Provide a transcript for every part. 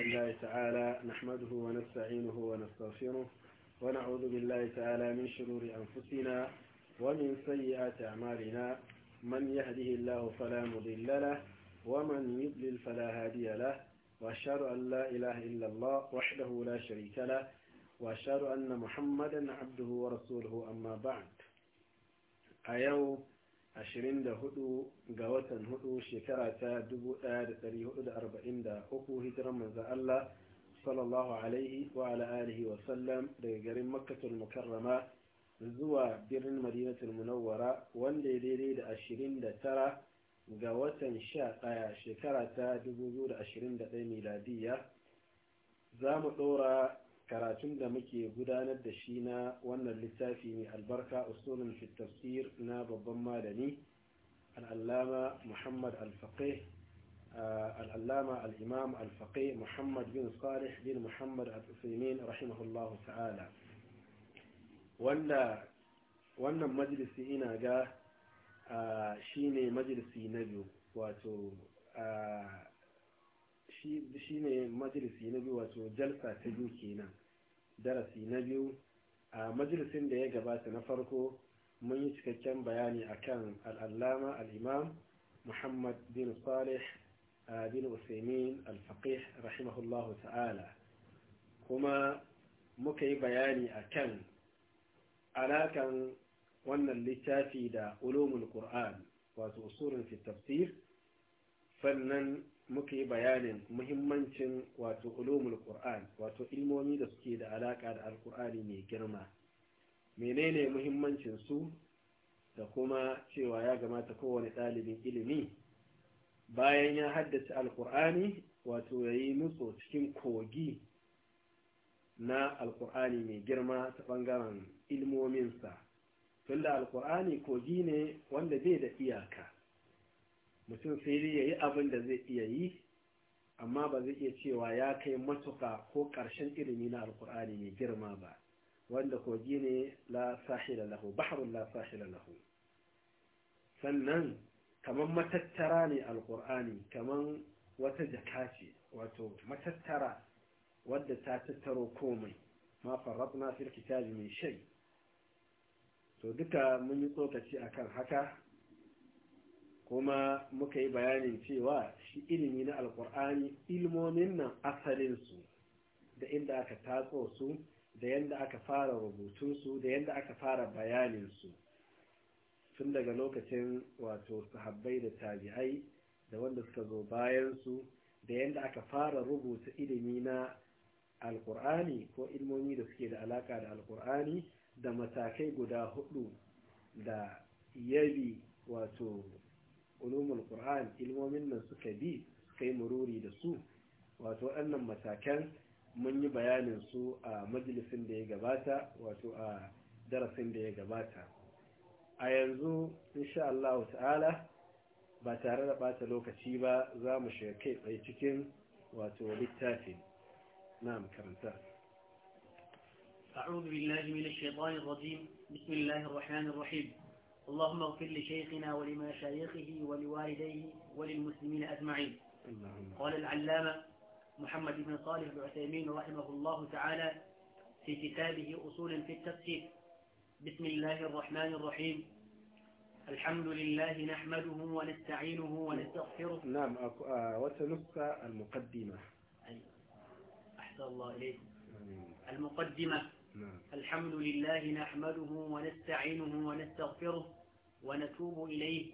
الله تعالى نحمده ونستعينه ونستغفره ونعوذ بالله تعالى من شرور أنفسنا ومن سيئات أعمالنا من يهده الله فلا مضل له ومن يضلل فلا هادي له وأشهد أن لا إله إلا الله وحده لا شريك له وأشهد أن محمدا عبده ورسوله أما بعد أيوه 24 ga watan 4 shekara ta 1443 hijiran manzo Allah sallallahu alaihi wa ala alihi wa sallam daga garin makkatul mukarrama zuwa birnin madinatul munawwara wanda ya daidai da 29 ga watan 11 shekara ta 2021 miladiya za mu ɗora karatun da muke gudanar da shi na wannan littafi mai albarka usulun fi tafsir na babban malami al'allama muhammad al-faqih al'allama al'imam al-faqih muhammad bin salih bin muhammad al-usaimin rahimahullahu ta'ala wannan majalisi ina ga shi ne majalisi na biyu wato shi ne majalisi na biyu wato jalsa ta biyu kenan darasi na biyu a majalisin da ya gabata na farko mun yi cikakken bayani akan al'allama al'imam muhammad bin salih bin usaimin al-faqih rahimahullahu ta'ala kuma muka yi bayani akan alakan wannan littafi da ulumul qur'an wato usulun fi tafsir sannan muka yi bayanin muhimmancin wato ulumul qur'an wato ilmomi da suke da alaka da alqur'ani mai girma menene muhimmancin su da kuma cewa ya gamata kowane ɗalibin ilimi bayan ya haddace alqur'ani wato yayi nutso cikin kogi na alqur'ani mai girma ta bangaren ilmominsa tunda alqur'ani kogi ne wanda bai da iyaka mutum sai dai ya yi abin da zai iya yi amma ba zai iya cewa ya kai matuka ko ƙarshen ilimi na alkur'ani mai girma ba wanda kogi ne la sahila lahu baharun la sahila lahu sannan kaman matattara ne alkur'ani kaman wata jaka ce wato matattara wadda ta tattaro komai ma farratna fil kitabi min shay to duka mun yi tsokaci akan haka kuma muka yi bayanin cewa shi ilimi na alkur'ani ilmomin nan asalinsu da inda aka tatso su da yadda aka fara rubutunsu da yadda aka fara bayaninsu tun daga lokacin wato sahabbai da tabi'ai da wanda suka zo bayansu da yadda aka fara rubuta ilimi na alkur'ani ko ilmomi da suke da alaka da alkur'ani da matakai guda hudu da yabi wato ulumul qur'an ilmomin nan suka bi kai mururi da su wato annan matakan mun yi bayanin su a majalisin da ya gabata wato a darasin da ya gabata a yanzu insha Allah ta'ala ba tare da bata lokaci ba za mu shiga kai tsaye cikin wato littafin na'am karanta أعوذ بالله من الشيطان الرجيم بسم الله الرحمن الرحيم اللهم اغفر لشيخنا ولمشايخه ولوالديه وللمسلمين أجمعين قال العلامة محمد بن صالح العثيمين رحمه الله تعالى في كتابه أصول في التفسير بسم الله الرحمن الرحيم الحمد لله نحمده ونستعينه ونستغفره نعم وسنبقى آه، المقدمة أيوة. أحسن الله إليك المقدمة نعم. الحمد لله نحمده ونستعينه ونستغفره ونتوب إليه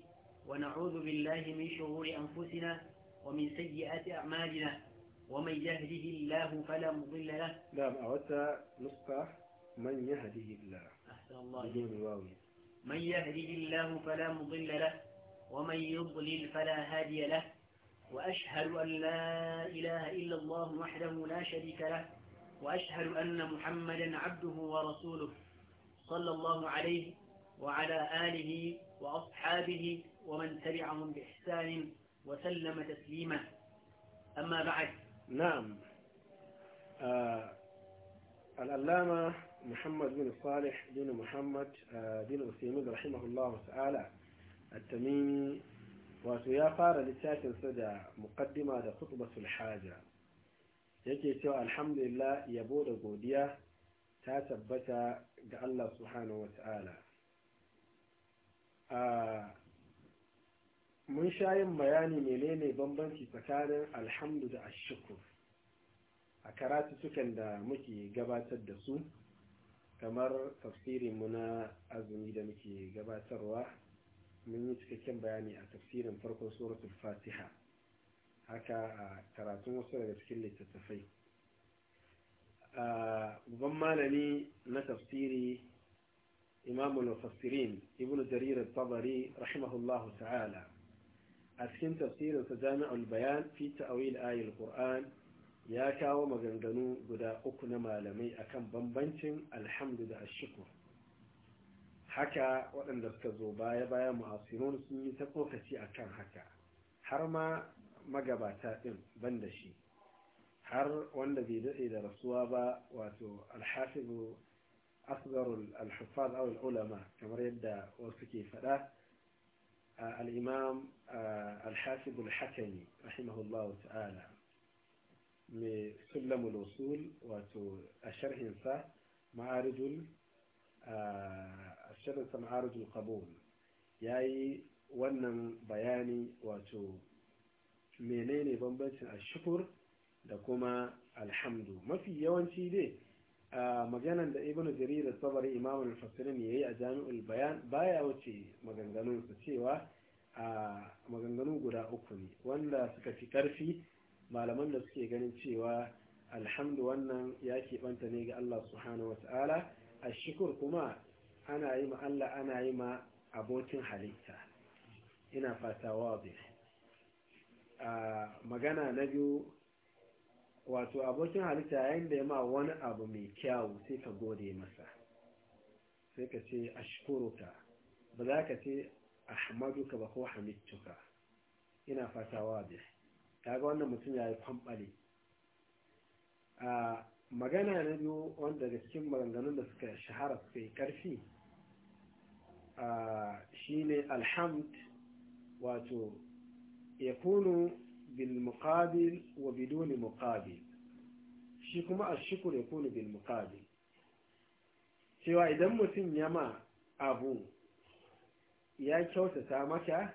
ونعوذ بالله من شرور أنفسنا ومن سيئات أعمالنا ومن يهده الله فلا مضل له نعم أردت نصف من يهده الله أحسن الله من يهده الله فلا مضل له ومن يضلل فلا هادي له وأشهد أن لا إله إلا الله وحده لا شريك له وأشهد أن محمدا عبده ورسوله صلى الله عليه وعلى آله وأصحابه ومن تبعهم بإحسان وسلم تسليما أما بعد نعم آه، الألامة محمد بن الصالح بن محمد آه، بن أسيميد رحمه الله تعالى التميمي قال لتاك سدى مقدمة خطبة الحاجة يجي cewa الحمد لله da godiya ta tabbata الله سبحانه وتعالى mun sha yin bayani menene bambanci tsakanin alhamdu da ashukur a karatu sukan da muke gabatar da su kamar tafsirinmu na azumi da muke gabatarwa mun yi cikakken bayani a tafsirin farkon suratul fatiha haka a karatun wasu daga cikin littattafai babban malami na tafsiri imam al-mufassirin ibn Jarirat al-tabari rahimahullahu ta'ala a cikin tafsirin sa jami'ul bayan fi ta'awil ayil qur'an ya kawo maganganu guda uku na malamai akan bambancin alhamdu da ashkur haka waɗanda suka zo baya baya mu'asirun sun yi ta tsokaci kan haka har ma magabata ɗin ban da shi har wanda bai daɗe da rasuwa ba wato alhafizu asgarul alhufaz aw ulama kamar yadda wasu ke faɗa al-imam al-hasib al ta'ala mai sullamul usul wato a sharhinsa ma'arijul sharhinsa ma'arijul qabul yayi wannan bayani wato menene bambancin ashukur da kuma alhamdu mafi yawanci dai maganan da ibnu jarir sabari imam al-fasirin yayi a jami'ul bayan baya wuce maganganun su cewa a maganganu guda uku ne wanda suka fi karfi malaman da suke ganin cewa alhamdu wannan ya keɓanta ne ga Allah subhanahu wata'ala a shukur kuma ana yi ma Allah ana yi ma abokin halitta ina fata wa magana na biyu wato abokin halitta yayin da ya ma wani abu mai kyawu sai ka gode masa sai ka ce ashkuruka ba za ka ce ahmaduka ba ko hamituka ina fatawa da ga wannan mutum ya yi kwamɓale a magana na biyu wanda daga cikin maganganun da suka shahara suka yi ƙarfi ne alhamd wato ya kunu bil muqabil wa biduni muqabil shi kuma a shukur ya bin bil cewa idan mutum ya ma abu ya kyautata maka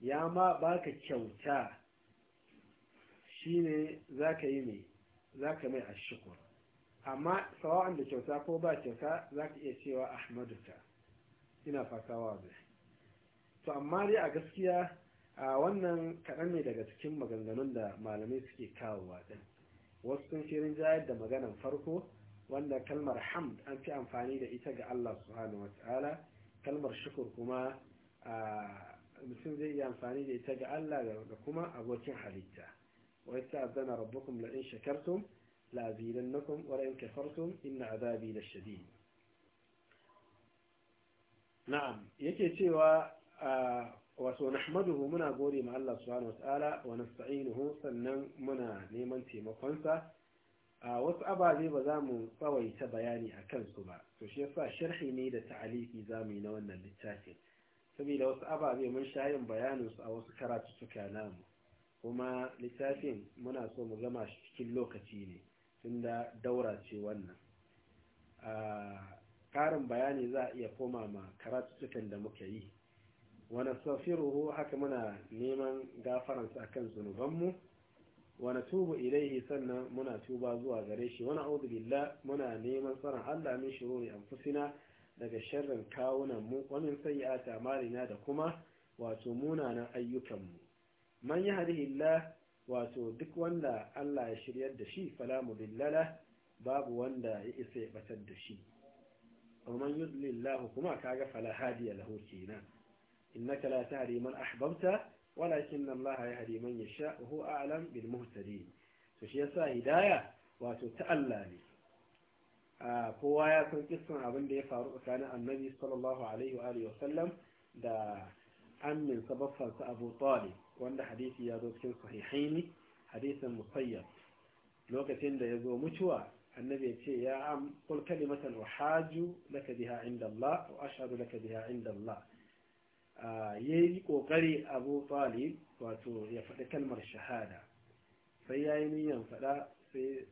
ya ma baka kyauta shine ka yi mai zaka mai ashukur amma tsawon da kyauta ko ba kyauta zaka iya cewa ta? ina fatawa da to amma dai a gaskiya a wannan kaɗan ne daga cikin maganganun da malamai suke kawowa ɗin wasu sun shirin jayar da maganan farko wanda kalmar hamd an fi amfani da ita ga Allah subhanahu ta'ala kalmar shukur kuma mutum zai iya amfani da ita ga Allah da kuma abokin halitta wa ta azana rabbukum la in shakartum la azidannakum wa la in kafartum inna azabi lashadid na'am yake cewa wato nahmaduhu muna gode ma Allah subhanahu wataala wa nasta'inuhu sannan muna neman taimakonsa a wasu ababe ba za mu tsawaita bayani a kansu ba to shi yasa sharhi ne da ta'alifi za mu yi na wannan littafin saboda wasu ababe mun sha yin bayanin su a wasu karatuttuka namu kuma littafin muna so mu gama shi cikin lokaci ne tunda daura ce wannan a karin bayani za a iya koma ma karatu karatuttukan da muka yi wani safiruhu haka muna neman gafaransa a kan zunubanmu wani tubu ilaihi sannan muna tuba zuwa gare shi wani audu billah muna neman tsaron allah min shirori anfusina daga sharrin Wani sai sayyata marina da kuma wato munanan ayyukanmu man yahdihillah wato duk wanda Allah ya shiryar da shi fala dillala, babu wanda ya isa ya batar da shi wa man yudlillahu kuma kaga fala hadiya lahu kenan innaka la tahdi man ahbabta walakin Allah yahdi man yasha wa huwa a'lam bil muhtadin to shi yasa hidaya wato ta Allah ne kowa ya san kissan abin da ya faru tsakanin annabi sallallahu da amin sabaffansa abu talib wanda hadisi ya zo cikin sahihaini hadisin musayyab lokacin da ya zo mutuwa annabi ya ce ya am kul kalimatan uhaju laka biha inda Allah wa ashhadu laka biha inda Allah ya yi ƙoƙari abu talib wato ya faɗi kalmar shahada sai ya yi niyan faɗa sai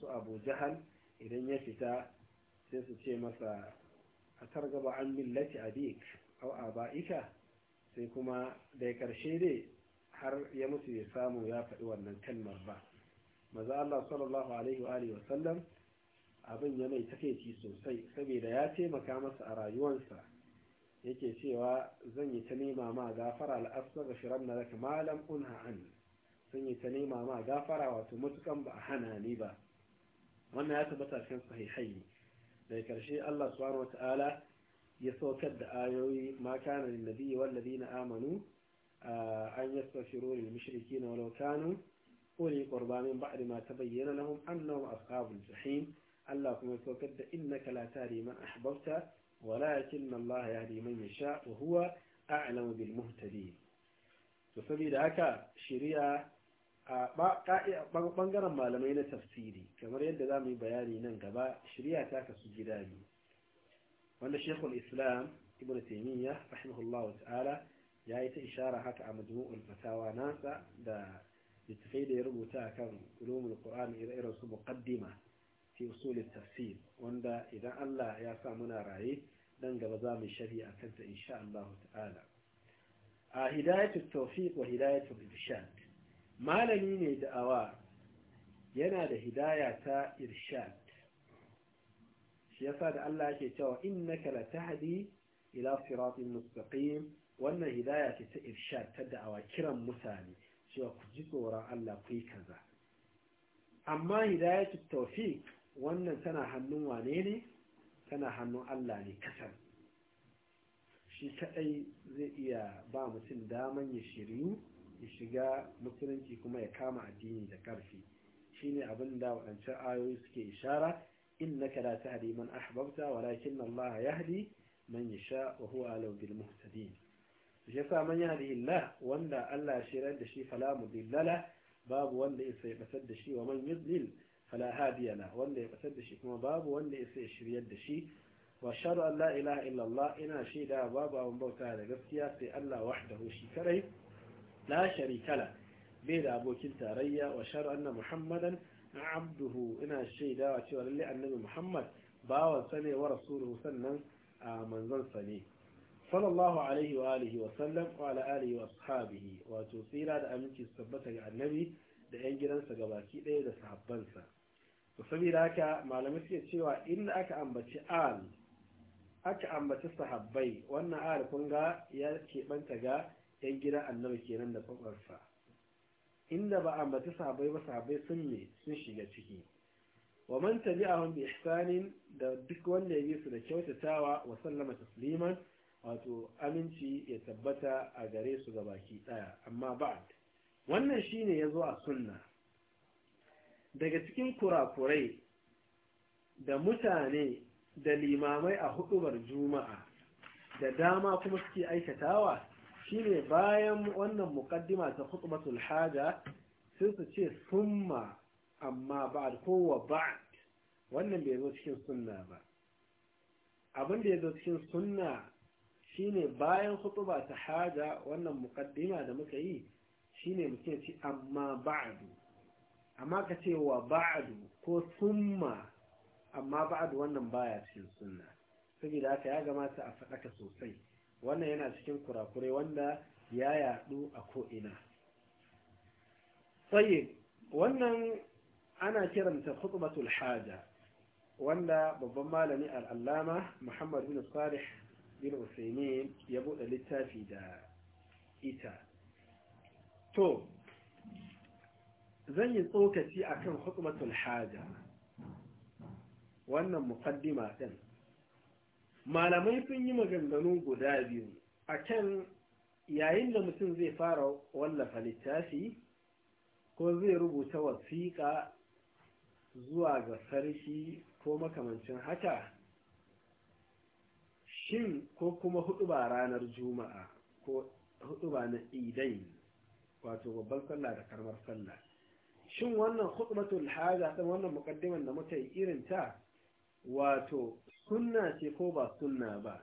su abu jahal idan ya fita sai su ce masa a targaba an millati abik au aba'ika sai kuma da karshe dai har ya mutu ya samu ya faɗi wannan kalmar ba maza Allah sallallahu alaihi wa alihi abin ya mai ci sosai saboda ya taimaka masa a rayuwarsa yake cewa zan yi ta nema ma gafara al'asar da shirar na laka malam unha an sun yi ta nema ma gafara wato matukan ba a hana ni ba wannan ya tabbata cikin sahihai da karshe Allah subhanahu wa ta'ala ya saukar da ayoyi ma kana lin nabiyyi wal ladina amanu an yastaghfiru lil mushrikeena walau kanu uli qurba min ba'di ma tabayyana lahum annahum ashabul jahim Allah kuma ya saukar da innaka la tari man ahbabta ولكن الله يهدي من يشاء وهو أعلم بالمهتدين تسمي لك شريعة بانجر آه، مالمين تفسيري كما يد دامي بياني ننقبا شريعة تاك سجداني وأن شيخ الإسلام ابن تيمية رحمه الله تعالى جاءت يعني إشارة حتى مجموع الفتاوى ناسا دا لتفيد يربو تاك علوم القرآن إذا إرسو مقدمة في أصول التفسير وأن إذا الله يا سامنا رأيت nan gaba za mu shari a kanta insha Allah ta'ala a hidayatul tawfiq wa hidayatul irshad malami ne da'awa yana da hidaya ta irshad shi yasa da Allah yake cewa innaka latahdi ila siratin mustaqim wannan hidaya ce ta irshad ta da'awa kiran mutane cewa ku ji tsoron Allah ku yi kaza amma hidayatul tawfiq wannan tana hannun wane ne tana hannun Allah ne kasar shi kadai zai iya ba mutum daman ya shiryu ya shiga musulunci kuma ya kama addini da karfi shine abin da waɗancan ayoyi suke ishara innaka la tahdi man ahbabta walakin Allah hadi, man yasha wa huwa alau bil muhtadin shi yasa man yahdi Allah wanda Allah ya shirar da shi fala mudillala babu wanda ya sai da shi wa man yudlil fala hadiya la wanda ya kasar da shi kuma babu wanda ya sai shiryar da shi wa sharu an la ilaha illallah ina shaida babu abun bauta da gaskiya sai Allah wahdahu shi kadai la sharika la bai da abokin tarayya wa sharu anna muhammadan abduhu ina shi da cewa lalle annabi muhammad bawan sa wa rasuluhu sannan a manzon sa ne sallallahu alaihi wa alihi wa sallam wa ala alihi wa ashabihi wato tsira da aminci su tabbata ga annabi da yan gidansa gabaki ɗaya da sahabbansa saboda haka malamai suke cewa inda aka ambaci al aka ambaci sahabbai wannan al kun ga ya keɓanta ga yan gida annabi kenan da kwabarsa inda ba ambaci sahabbai ba sahabbai sun ne sun shiga ciki wa man tabi'ahum bi ihsanin da duk wanda ya bi su da kyautatawa wa sallama tasliman wato aminci ya tabbata a gare su ga baki daya amma ba'd wannan shine yazo a sunna daga cikin kurakurai da mutane da limamai a hudubar juma'a da dama kuma suke aikatawa shine bayan wannan mukaddima ta khutbatul haja sai su ce summa amma ba a kowa ba wannan bai zo cikin sunna ba abin da ya zo cikin sunna shine bayan khutba ta haja wannan mukaddima da muka yi shine muke ci amma ba'du amma ka ce wa ba'adu ko summa amma ba'adu wannan baya cikin sunna saboda haka ya gamata a faɗaka sosai wannan yana cikin kurakurai wanda ya yadu a ko'ina tsaye wannan ana kiranta khutbatul haja wanda babban malami al'allama muhammad bin salih bin usaimin ya buɗe littafi da ita to zan yi tsokaci akan hukumatul haja wannan mukaddima ɗin malamai sun yi maganganu guda biyu akan yayin da mutum zai fara wallafa littafi ko zai rubuta wasiƙa zuwa ga sarki ko makamancin haka shin ko kuma hudu ranar juma'a ko hudu na idai wato babban sallah da karmar sallah shin wannan khutbatul haja din wannan mukaddimar da muka yi irin ta wato sunna ce ko ba sunna ba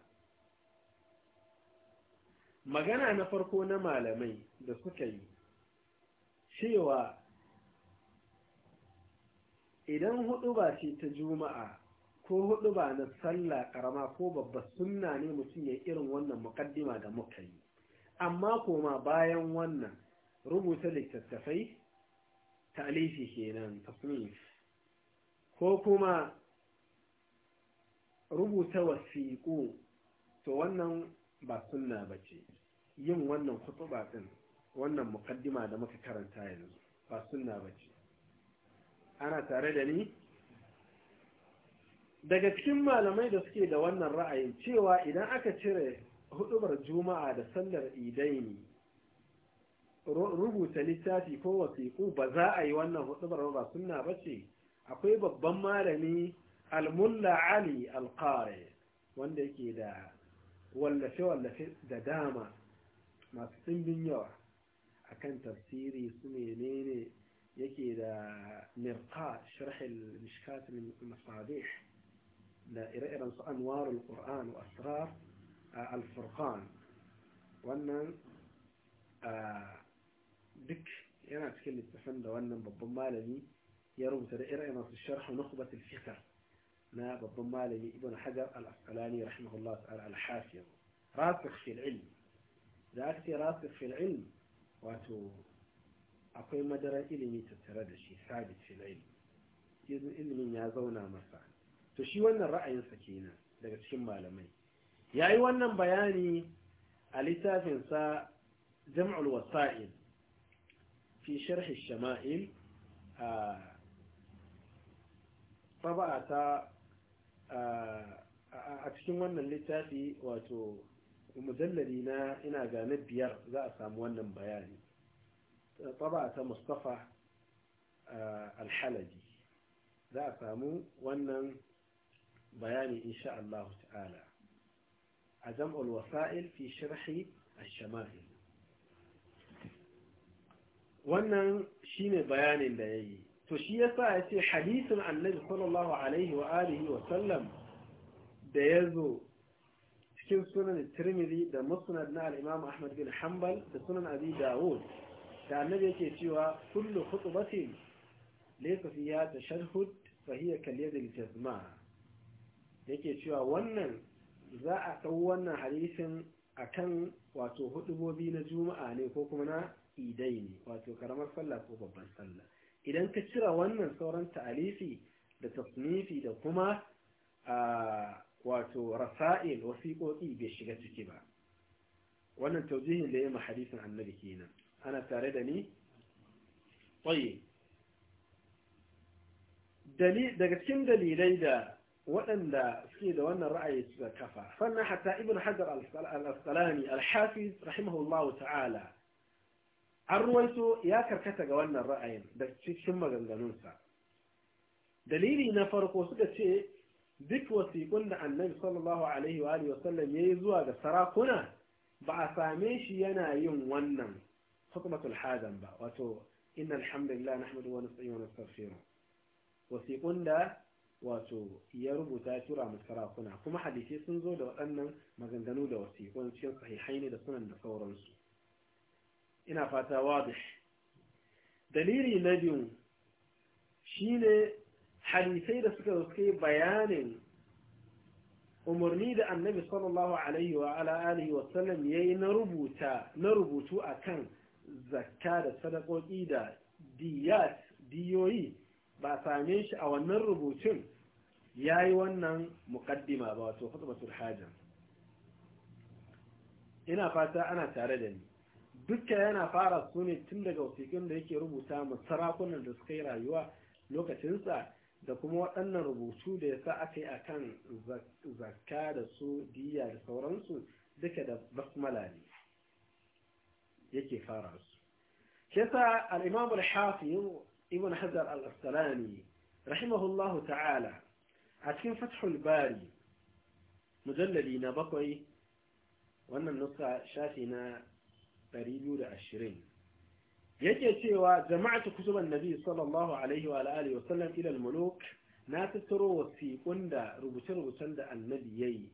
magana na farko na malamai da suka yi cewa idan hudu ba ce ta juma'a ko hudu ba na sallah karama ko babba sunna ne mutum ya irin wannan mukaddima da muka yi amma koma bayan wannan rubuta littattafai ta'alifi kenan tasnif ko kuma rubuta wasiƙu to wannan ba sunna bace yin wannan khutba din wannan muqaddima da muka karanta yanzu ba sunna bace ana tare da ni daga cikin malamai da suke da wannan ra'ayin cewa idan aka cire hudubar juma'a da sallar idaini rubuta littafi ko wasiƙu ba za a yi wannan hudubar ba sunna ba ce akwai babban malami almulla ali alƙare wanda yake da wallafe-wallafe da dama masu tsimbin yawa akan tafsiri su ne ne yake da mirka sharhil mishkatul masadih da ire-iren su anwarul qur'an wa asrar al-furqan wannan duk yana cikin littafin da wannan babban malami ya rubuta da irin masu sharh na al-fikr na babban malami ibn hajar al-asqalani rahimahullah ta'ala al-hafiz rasikh fil ilm da aka ce rasikh fil ilm wato akwai madarar ilimi tattare da shi sabit fil ilm ilimin ya zauna masa to shi wannan ra'ayinsa kenan daga cikin malamai ya yi wannan bayani a littafinsa jam'ul wasa'il في شرح الشمائل آه، طبعتا أكشن آه، آه، وانا اللتاتي واتو ومدللنا إنا جانب بيار ذا أسام وانا بياني طبعتا مصطفى الحلجي ذا أسام وانا بياني إن شاء الله تعالى أجمع الوسائل في شرح الشمائل wannan shine bayanin da yayi to shi yasa ce hadisin annabi sallallahu alaihi wa alihi wa sallam da yazo cikin sunan Tirmidhi da Musnad na al-Imam Ahmad bin Hanbal da sunan Abi Dawud da annabi yake cewa kullu khutbatin laysa fiha tashahhud fa hiya kal-yad al yake cewa wannan za a dau wannan hadisin akan wato hudubobi na Juma'a ne ko kuma na idai ne wato karamar sallah ko babban sallah idan ka cira wannan sauran ta'alifi da tasnifi da kuma wato rasa'il wasiƙoƙi bai shiga ciki ba wannan taujihin da ya ma hadisin annabi kenan ana tare da ni tsaye daga cikin dalilai da waɗanda suke da wannan ra'ayi suka kafa sannan hatta ibn hajar al-asqalani al-hafiz rahimahullahu ta'ala an ruwaito ya karkata ga wannan ra'ayin da cikin maganganunsa dalili na farko suka ce duk wasiƙun da annabi sallallahu alaihi wa sallam ya yi zuwa ga sarakuna ba a same shi yana yin wannan hukumatul hadan ba wato inna alhamdulillah nahmadu wani nasta'inu wani nastaghfiru wasiƙun da wato ya rubuta tura mu sarakuna kuma hadisi sun zo da waɗannan maganganu da wasiƙun cikin sahihai ne da sunan da sauransu ina fata wadish dalili na biyu shine hadisai da suka kai bayanin umarni da annabi sallallahu alaihi wa ala alihi wa sallam yayi na rubuta na rubutu akan zakka da sadakoki da diyat diyoyi ba same shi a wannan rubutun yayi wannan muqaddima ba wato khutbatul haja ina fata ana tare da ni dukka yana fara su ne tun daga wasiƙun da yake rubuta ma sarakunan da suka yi rayuwa lokacinsa da kuma waɗannan rubutu da ya sa aka yi a kan zakka da su diya da sauransu duka da basmala ne yake fara su shi sa al'imamu al-hafiz ibn hajar al rahimahullahu ta'ala a cikin fathul bari mujallali na bakwai wannan nuka shafi na 220 yake cewa jama'atu kutuban nabi sallallahu alaihi wa alihi wasallam ila al-muluk na tattaro wasiƙun da rubuce-rubucen da annabi yayi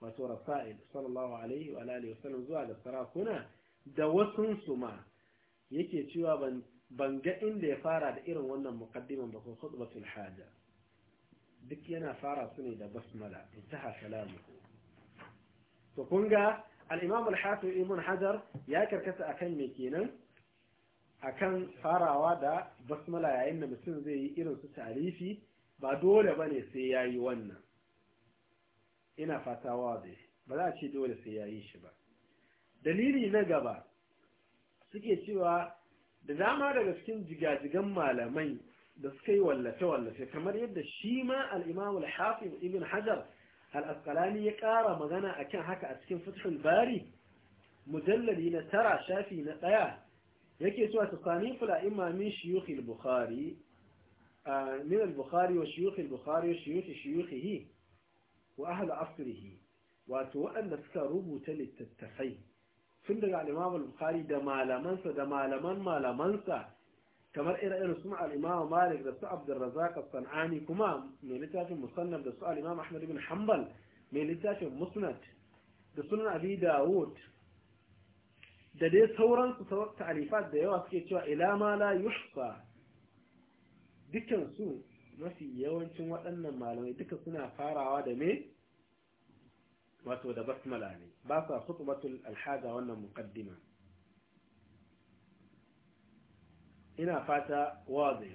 wato rasa'il sallallahu alaihi wa alihi wasallam zuwa ga sarakuna da wasun su ma yake cewa ban ban ga inda ya fara da irin wannan muqaddiman ba ko khutbatul haja duk yana fara su ne da basmala intaha to kun ga al-imam ibn hajar ya karkata akan me kenan akan farawa da basmala yayin da mutum zai yi irin su tarifi ba dole ne sai yi wannan ina fata wazi ba za a ce dole sai yayi shi ba dalili na gaba suke cewa da dama daga cikin jigajigan malamai da suka yi wallafe-wallafe kamar yadda shi ma al'imam al-hafiz ibn hajar أسقلاني يقارى مغانا أكا حكا أسكن فتح الباري مدللين ترى شافي نقيا يكي سوى تصانيف الأئمة من شيوخ البخاري آه، من البخاري وشيوخ البخاري وشيوخ شيوخه وأهل عصره واتوى أن تكاروه تلت التخي فندق على الإمام البخاري دمال منسى دمال من مال منسى kamar ire-iren su al'imamu malik da su abdurrazak san'ani kuma mai littafin mus'annan da su al'imamu ahmad ibn hanbal mai littafin musnad da sunan abi dawud da dai sauransu ta'alifat da yawa suke cewa ila ma la yuhsa mafi yawancin waɗannan malamai duka suna farawa da me wato da basmala ne ba sa khutbatul alhaja wannan muqaddima ina fata wazi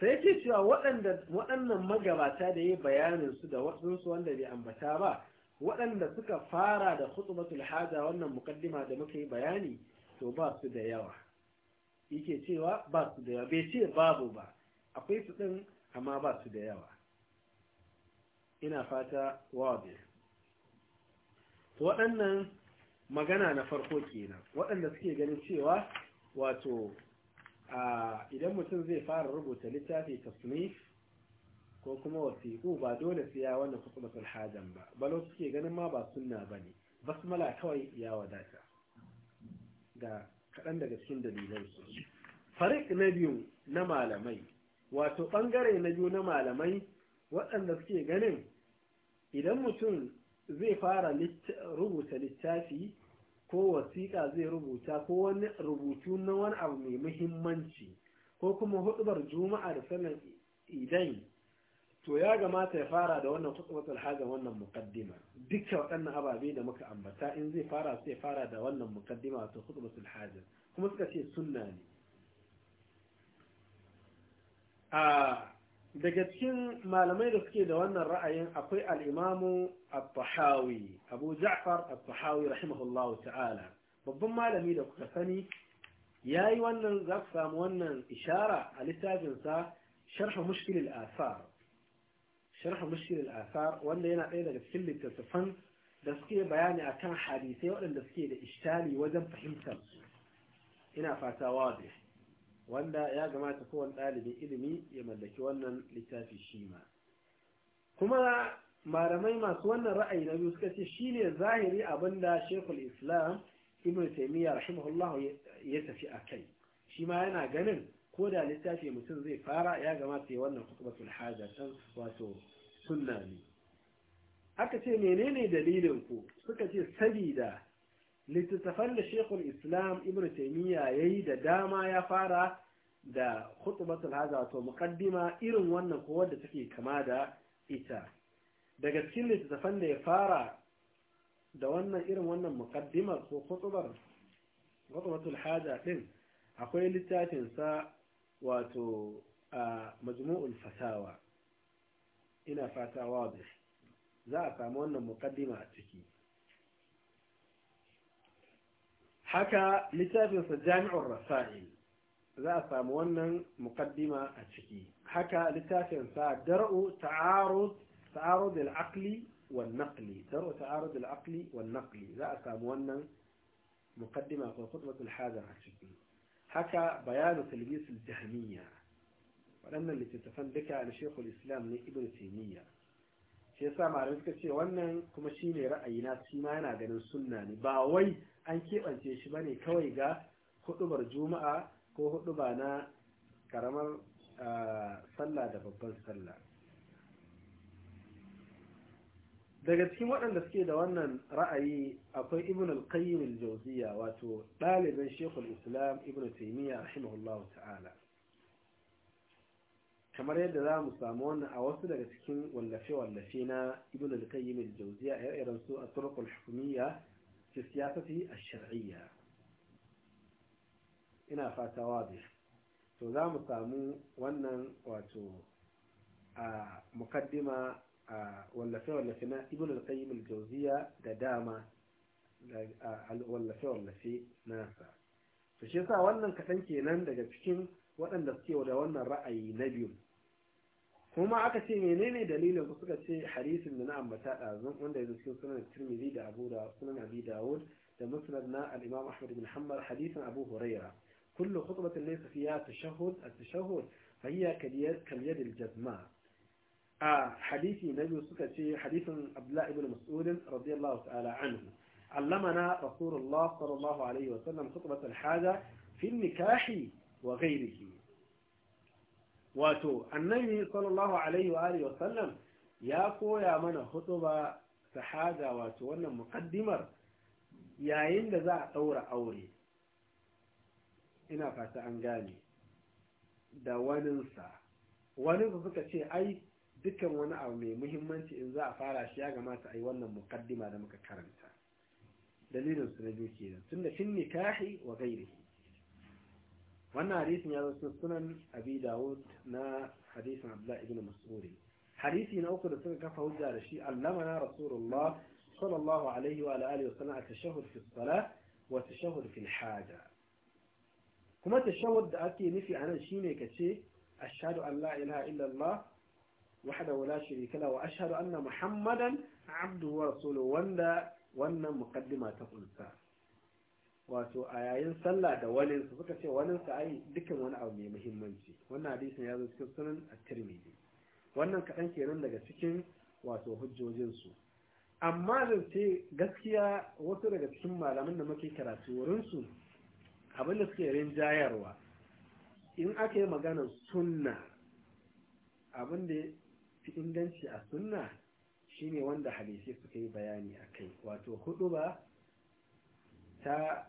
sai ce cewa waɗannan magabata da ya bayanin su da waɗansu wanda bai ambata ba waɗanda suka fara da khutbatul haja wannan mukaddima da muka yi bayani to ba su da yawa yake cewa ba su da yawa bai ce babu ba akwai su ɗin amma ba su da yawa ina fata wazi waɗannan magana na farko kenan waɗanda suke ganin cewa wato idan mutum zai fara rubuta littafi tasnif ko kuma wasiƙu ba dole sai ya wannan masu hajan ba balo suke ganin ma ba sunna ba ne basmala kawai ya wadata ga kaɗan daga cikin dalilansu farik na biyu na malamai wato ɓangare na biyu na malamai waɗanda suke ganin idan mutum zai fara rubuta littafi ko wasiƙa zai rubuta ko wani rubutu na wani abu mai muhimmanci ko kuma hudubar juma'a da sanin idan to ya gamata ya fara da wannan hudubar haja wannan mukaddima duka waɗannan ababe da muka ambata in zai fara sai fara da wannan mukaddima wato hudubar haja kuma suka ce sunna ne ah, daga cikin malamai da suke da wannan ra'ayin akwai al'imamu al-tahawi abu ja'far al rahimahullahu ta'ala babban malami da kuka sani ya yi wannan za ku samu wannan ishara a littafinsa sharha mushkilil asar sharha mushkilil asar wanda yana ɗaya daga cikin littattafan da suke bayani akan hadisai waɗanda suke da ishtali wajen fahimtar su ina fata wazi wanda ya gamata kowane ɗalibin ilimi ya mallaki wannan littafi shi ma kuma malamai masu wannan ra'ayi na biyu suka ce shi ne zahiri abinda shekul islam ibn taimiyya rahimahullah ya tafi a kai shi ma yana ganin ko da littafi mutum zai fara ya gamata ya wannan hukumatul haja can wato sunna ne aka ce menene dalilin ku suka ce sabida littattafan da shekul islam ibn taimiyya ya yi da dama ya fara da hutubatul haza to mukaddima irin wannan ko wadda take kama da ita daga cikin littattafan da ya fara da wannan irin wannan mukaddimar ko hutubar hutubatul haza din akwai littafin sa wato a majmu'ul fatawa ina fata wadih za a samu wannan mukaddima a ciki حكى لتافي الجامع الرسائل ذا فامونا مقدمة أشكي حكى لتافي درء تعارض تعارض العقل والنقل درء تعارض العقل والنقل ذا فامونا مقدمة في خطبة الحاضر حكى بيان تلبيس الجهمية ولما اللي تتفن بك عن شيخ الإسلام ابن تيمية shi yasa malamai suka ce wannan kuma shine ra'ayi na shi ma yana ganin sunna ne ba wai an keɓance shi bane kawai ga hudubar juma'a ko huduba na karamar eh, sallah da babban sallah daga cikin waɗanda suke da wannan ra'ayi akwai ibn al-qayyim al-jawziya wato ɗaliban shekul islam ibn taymiya rahimahullahu ta'ala kamar yadda za mu samu wannan a wasu daga cikin wallafe-wallafe na ibn al-qayyim al-jawziya a irin su a turuq hukumiyya fi siyasati ash-shar'iyya ina fata wazi to za mu samu wannan wato a mukaddima a wallafe-wallafe na ibn al-qayyim al-jawziya da dama wallafe-wallafe nasa to shi yasa wannan kaɗan kenan daga cikin waɗanda suke da wannan ra'ayi na biyu kuma aka ce menene dalilin ku suka ce hadisin da na ambata da zan wanda yake cikin sunan tirmidhi da abu Dawud sunan abi dawud da musnad na al-imam ahmad ibn hanbal hadisin abu Hurairah kullu khutbatin laysa fiha tashahhud at-tashahhud fa hiya kal-yad al-jazma a hadisi na biyu suka ce hadisin abdullah ibn mas'ud radiyallahu ta'ala anhu علمنا رسول الله صلى الله عليه وسلم خطبة الحاجة في النكاح وغيره wato annabi sallallahu alaihi wa alihi wasallam ya koya mana hutuba sahaja wato wannan muqaddimar yayin da za a daura aure ina fata an gane da waninsa waninsa suka ce ai dukkan wani abu mai muhimmanci in za a fara shi ya gamata a yi wannan muqaddima da muka karanta dalilin su na biyu kenan tunda fin nikahi wa gairihi wannan hadisin ya zo sunan abi dawud na hadisin abdullahi ibn mas'ud hadisi na uku da suka kafa hujja da shi allamana rasulullah sallallahu alaihi wa alihi wa sallam at-tashahhud fi salah wa at-tashahhud fi al-haja kuma tashahhud da ake nufi anan shine kace ashhadu an la ilaha illa allah wahdahu la sharika lahu wa ashhadu anna muhammadan abduhu wa rasuluhu wanda wannan muqaddima ta kunsa wato a yayin sallah da waninsu suka ce waninsu ai dukkan wani abu mai muhimmanci wannan hadisin ya zo cikin sunan at-tirmidhi wannan kaɗan kenan daga cikin wato hujjojinsu amma zance gaskiya wasu daga cikin malaman da muke karatu wurinsu abinda suke rinjayarwa in aka yi maganar sunna abinda fi inganci a sunna shine wanda hadisi suka yi bayani a kai wato hudu ba ta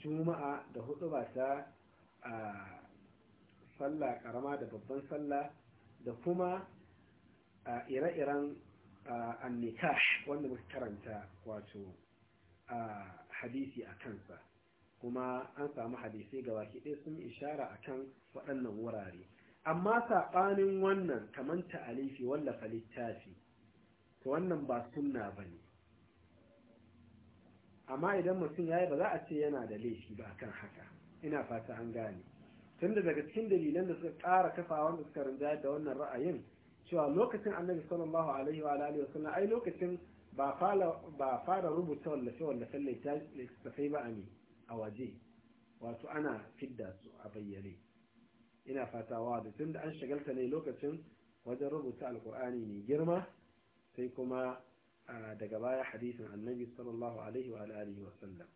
juma'a da hudu ba ta a sallah karama da babban sallah da kuma a ire-iren annikash wanda muka karanta wato a hadisi a kansa kuma an samu hadisai ga waki ɗaya sun ishara a kan waɗannan wurare amma saɓanin wannan kamanta Alifi wallafa littafi ta wannan ba sunna ba ne amma idan mutum ya yi ba za a ce yana da laifi ba akan haka ina fata an gane tunda daga cikin dalilan da suka ƙara kafa wanda suka rinjayar da wannan ra'ayin cewa lokacin annabi sallallahu alaihi wa alihi wasallam ai lokacin ba fara ba fara rubuta wallafe wallafe littafai ba ne a waje wato ana fidda su a bayyane ina fata wa da tunda an shagalta ne lokacin wajen rubuta alkur'ani mai girma sai kuma آه، دقبايا حديث عن النبي صلى الله عليه وآله وسلم